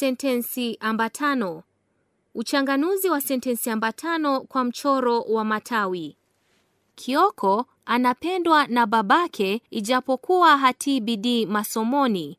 Sentensi ambatano. Uchanganuzi wa sentensi ambatano kwa mchoro wa matawi. Kioko anapendwa na babake ijapokuwa hatii bidii masomoni.